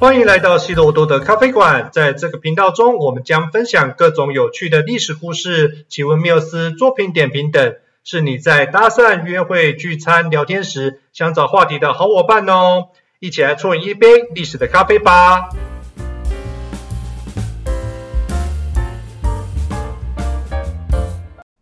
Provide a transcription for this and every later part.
歡迎來到希羅多德的咖啡館。在這個頻道中，我們將分享各種有趣的歷史故事、奇聞妙事、作品點評等，是你在搭訕、約會、聚餐、聊天時想找話題的好夥伴哦！一起來沖一杯歷史的咖啡吧。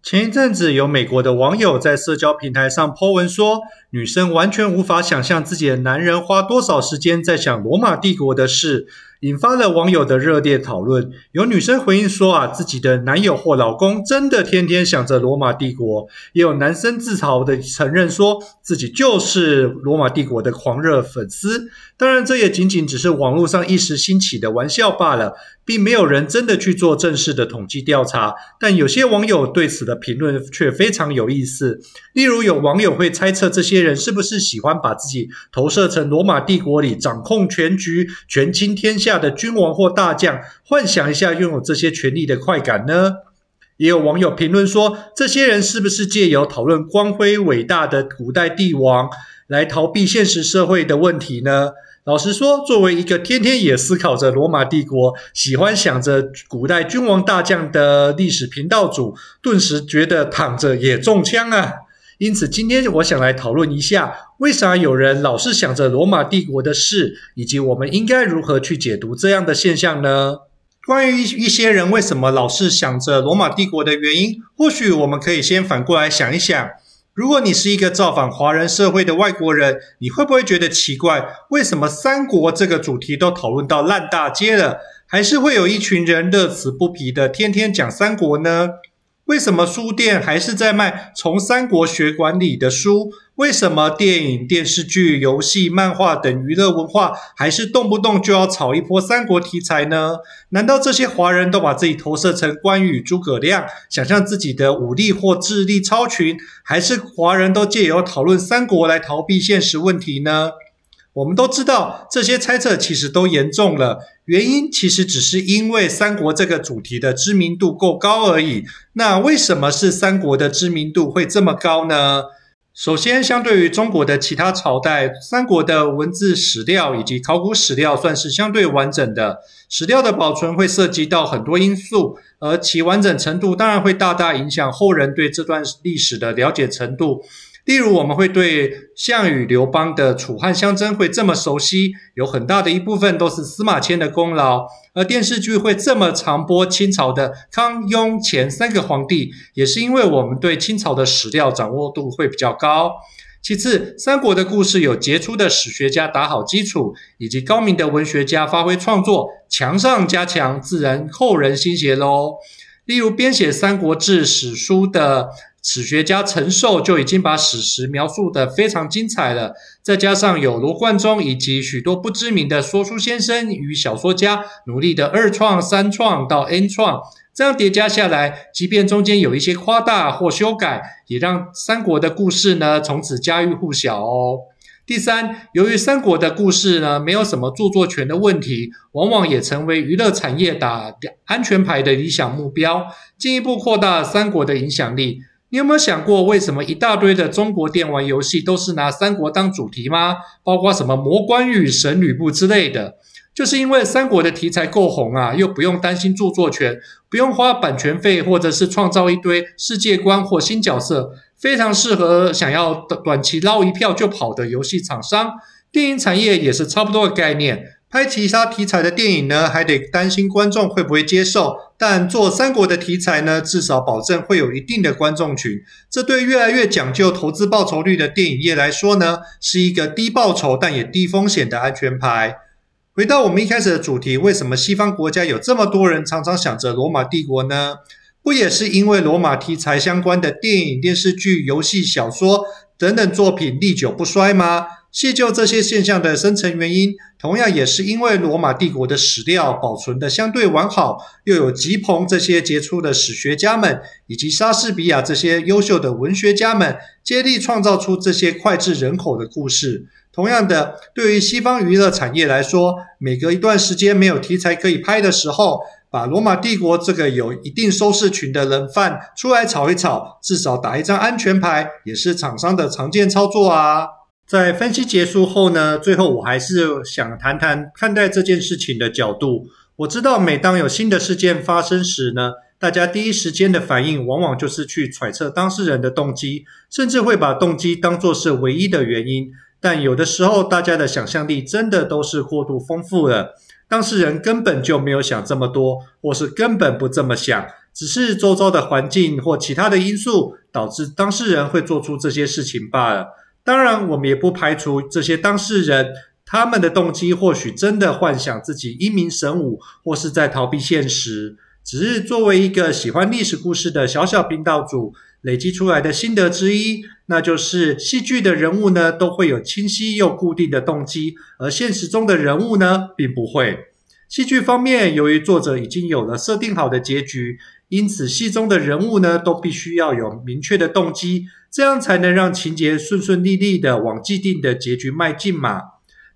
前一陣子，有美國的網友在社交平台上 po 文說。女生完全無法想象自己的男人花多少時間在想羅馬帝國的事，引發了網友的熱烈討論。有女生回應說：“啊，自己的男友或老公真的天天想着羅馬帝國。”也有男生自嘲地承認說自己就是羅馬帝國的狂熱粉絲。當然，這也僅僅只是網絡上一時興起的玩笑罷了，並沒有人真的去做正式的統計調查。但有些網友對此的評論卻非常有意思。例如，有網友會猜測這些人。人是不是喜歡把自己投射成羅馬帝國裡掌控全局、權傾天下的君王或大將，幻想一下擁有這些權力的快感呢？也有網友評論說，這些人是不是借由討論光輝偉大的古代帝王，來逃避現實社會的問題呢？老實說，作為一個天天也思考着羅馬帝國、喜歡想着古代君王大將的歷史頻道主，頓時覺得躺着也中槍啊！因此，今天我想來討論一下，為啥有人老是想着羅馬帝國的事，以及我們應該如何去解讀這樣的現象呢？關於一些人為什麼老是想着羅馬帝國的原因，或許我們可以先反過來想一想。如果你是一個造訪華人社會的外國人，你會不會覺得奇怪，為什麼三國這個主題都討論到爛大街了，還是會有一群人樂此不疲的天天講三國呢？為什麼書店還是在賣從三國學管理的書？為什麼電影、電視劇、遊戲、漫畫等娛樂文化還是動不動就要炒一波三國題材呢？難道這些華人都把自己投射成關羽、諸葛亮，想象自己的武力或智力超群？還是華人都借由討論三國來逃避現實問題呢？我們都知道，這些猜測其實都嚴重了，原因其實只是因為三國這個主題的知名度夠高而已。那為什麼是三國的知名度會這麼高呢？首先，相對於中國的其他朝代，三國的文字史料以及考古史料算是相對完整的。史料的保存會涉及到很多因素，而其完整程度當然會大大影響後人對這段歷史的了解程度。例如，我們會對項羽、劉邦的楚漢相爭會這麼熟悉，有很大的一部分都是司馬遷的功勞。而電視劇會這麼常播清朝的康雍乾三個皇帝，也是因為我們對清朝的史料掌握度會比較高。其次，三國的故事有傑出的史學家打好基礎，以及高明的文學家發揮創作，強上加強自然扣人心弦嘍。例如，編寫《三國志》史書的。史學家陳壽就已經把史實描述得非常精彩了，再加上有羅貫中以及許多不知名的說書先生與小說家努力的二創、三創到 N 創，這樣疊加下來，即便中間有一些誇大或修改，也讓三國的故事呢從此家喻戶曉哦。第三，由於三國的故事呢沒有什麼著作權的問題，往往也成為娛樂產業打安全牌的理想目標，進一步擴大三國的影響力。你有沒有想過，為什麼一大堆的中國電玩遊戲都是拿三國當主題嗎？包括什麼魔關羽、神呂布之類的，就是因為三國的題材夠紅啊，又不用擔心著作權，不用花版權費，或者是創造一堆世界觀或新角色，非常適合想要短短期撈一票就跑的遊戲廠商。電影產業也是差不多的概念。拍其他題材的電影呢，還得擔心觀眾會不會接受；但做三國的題材呢，至少保證會有一定的觀眾群。這對越來越講究投資報酬率的電影業來說呢，是一個低報酬但也低風險的安全牌。回到我們一開始的主題，為什麼西方國家有這麼多人常常想着羅馬帝國呢？不也是因為羅馬題材相關的電影、電視劇、遊戲、小說等等作品歷久不衰嗎？細究這些現象的生成原因，同樣也是因為羅馬帝國的史料保存得相對完好，又有吉朋這些傑出的史學家們，以及莎士比亞這些優秀的文學家們，接力創造出這些膾炙人口的故事。同樣的，對於西方娛樂產業來說，每隔一段時間沒有題材可以拍的時候，把羅馬帝國這個有一定收視群的冷飯出來炒一炒，至少打一張安全牌，也是廠商的常見操作啊。在分析結束後呢，最後我還是想談談看待這件事情的角度。我知道，每當有新的事件發生時呢，大家第一時間的反應往往就是去揣測當事人的動機，甚至會把動機當作是唯一的原因。但有的時候，大家的想象力真的都是過度豐富了。當事人根本就沒有想這麼多，或是根本不這麼想，只是周遭的環境或其他的因素導致當事人會做出這些事情罷了。當然，我們也不排除這些當事人他們的動機或許真的幻想自己英明神武，或是在逃避現實。只是作為一個喜歡歷史故事的小小頻道主，累積出來的心得之一，那就是戲劇的人物呢，都會有清晰又固定的動機，而現實中的人物呢並不會。戲劇方面，由於作者已經有了設定好的結局，因此，戲中的人物呢，都必須要有明確的動機，這樣才能讓情節順順利利的往既定的結局邁進嘛。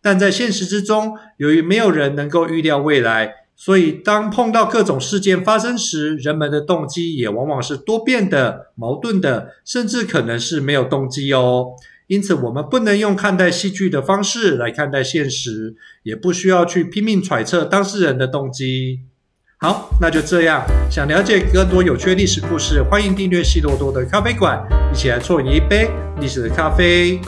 但在現實之中，由於沒有人能夠預料未來，所以當碰到各種事件發生時，人們的動機也往往是多變的、矛盾的，甚至可能是沒有動機哦。因此，我們不能用看待戲劇的方式來看待現實，也不需要去拼命揣測當事人的動機。好，那就這樣。想了解更多有趣的歷史故事，歡迎訂閱西多多的咖啡館，一起來啜飲一杯歷史的咖啡。